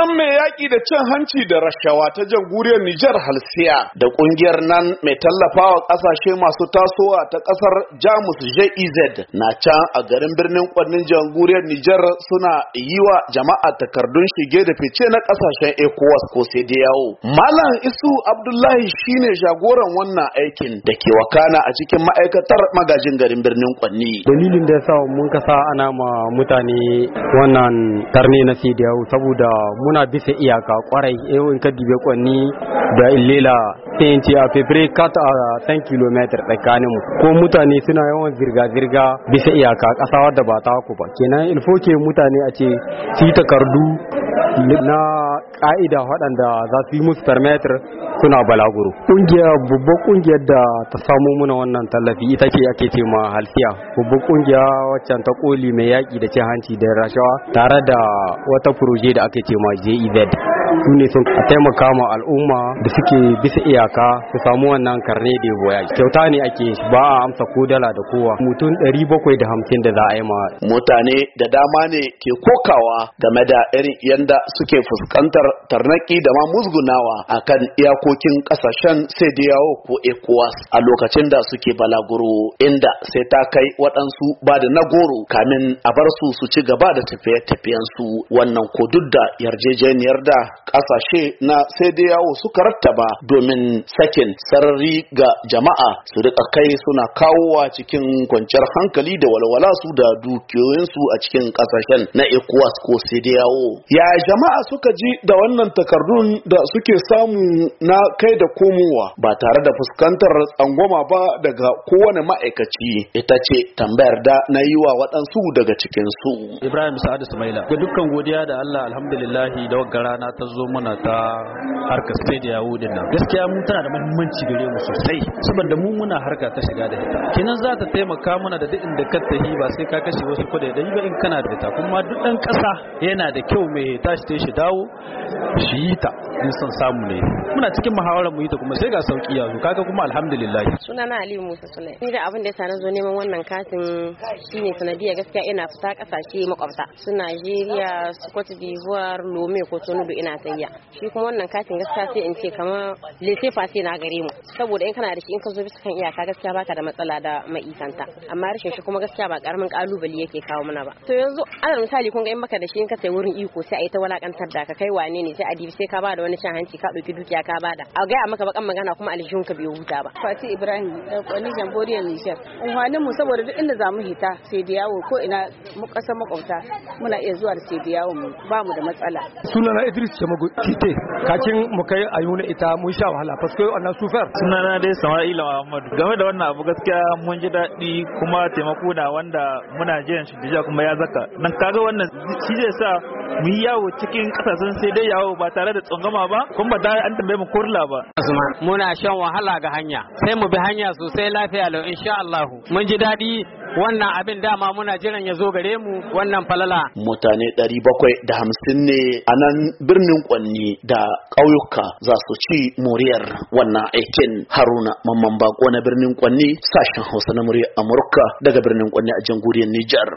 Sunan mai yaƙi da cin hanci da rashawa ta jamhuriyar Nijar Halsiya da ƙungiyar nan mai tallafawa ƙasashe masu tasowa ta ƙasar Jamus JEZ na can a garin birnin ƙwannin jamhuriyar Nijar suna yi wa jama'a takardun shige da fice na ƙasashen ECOWAS ko yawo. Malam Isu Abdullahi shine jagoran wannan aikin da ke wakana a cikin ma'aikatar magajin garin birnin Kwanni. Dalilin da ya sa mun kasa ana ma mutane wannan tarni na yawo saboda muna bisa iyaka kwarai eh, in ka dibe kwanni da illela sai a fefere kata a 10 km tsakaninmu ko mutane suna yawan zirga-zirga bisa iyaka ƙasa da ba ta ku ba kenan ilfoke mutane a ce ci takardu na ka'ida waɗanda za su yi musu permeter suna balaguro ƙungiyar babbar ƙungiyar da ta samo muna wannan tallafi ita ce ake ce ma halsiya babbar ƙungiya waccan ta koli mai yaƙi da cin hanci da rashawa tare da wata furoje da ake ce ma jez su ne sun taimaka ma al'umma da suke bisa iyaka su samu wannan karne da boya kyauta ne ake ba a amsa ko dala da kowa mutum 750 da za a yi ma mutane da dama ne ke kokawa game da irin yanda suke fuskantar tarnaki da ma musgunawa a kan iyakokin kasashen sai da yawo ko ECOWAS a lokacin da suke balaguro inda sai ta kai waɗansu ba da na goro kamin a bar su su ci gaba da tafiye-tafiyen su wannan ko duk da yarjejeniyar da Kasashe na sai dai yawo suka rattaba domin sakin sarari ga jama'a su rika kai suna kawo wa cikin kwanciyar hankali da walwala su da dukiyoyinsu a cikin kasashen na ECOWAS ko sai dai yawo. Ya jama'a suka ji da wannan takardun da suke samu na kai da komowa ba tare da fuskantar tsangwama ba daga kowane ma'aikaci ita ce tambayar da na yi wa waɗansu daga cikin su Ibrahim Sa'ad Ismaila ga dukkan godiya da Allah alhamdulillahi da wagga rana ta zo muna ta harkar sai da yawo din gaskiya mu tana da muhimmanci gare mu sosai saboda mu muna harka ta shiga da ita kinan za ta taimaka mana da duk inda ka hi ba sai ka kashe wasu da yi ba in kana da ita kuma duk dan ƙasa yana da kyau mai tashi ta shi dawo shi yi ta in son samu ne muna cikin muhawarar mu yi ta kuma sai ga sauki yanzu kaga kuma alhamdulillah sunana ali Musa Sunai ni da abin da yasa na zo neman wannan katin shine sanadiyar gaskiya ina fita kasashe makwabta su Najeriya su Cote d'Ivoire Lome ko Tonudu ina ta cinikayya shi kuma wannan katin gaskiya sai in ce kamar lese fasi na gare mu saboda in kana da shi in ka zo bisa kan iyaka gaskiya baka da matsala da ma'ikanta amma rashin shi kuma gaskiya ba karamin kalubale yake kawo mana ba to yanzu ana misali kun ga in baka da shi in ka sai wurin iko sai a yi ta walakantar da ka kai wane ne sai a dibi sai ka ba da wani shan hanci ka ɗauki dukiya ka ba da a gaya maka bakan magana kuma aljihun ka bai huta ba Fati Ibrahim da kwani Jamboriyar Nijar unhwanin mu saboda duk inda zamu hita sai da yawo ko ina mu kasa makwabta muna iya zuwa da sai da yawo mu ba mu da matsala sunana Idris kite kakin mu kai a ita mun sha wahala paske wannan suna sunana dai Sama'ila Muhammad game da wannan abu gaskiya mun ji daɗi kuma taimako da wanda muna jiyan shi dija kuma ya zaka nan kaga wannan shi zai sa mu yi yawo cikin kasashen sai dai yawo ba tare da tsangama ba kuma ba an tambaye mu kurla ba muna shan wahala ga hanya sai mu bi hanya sosai lafiya lau insha mun ji daɗi wannan abin dama muna jiran ya zo gare mu wannan falala mutane ɗari da hamsin ne a nan birnin kwanni da ƙauyuka za su ci muryar wannan aikin haruna mamman bako na birnin kwanni sashen hausa na murya amurka daga birnin kwanni a jamhuriyar nijar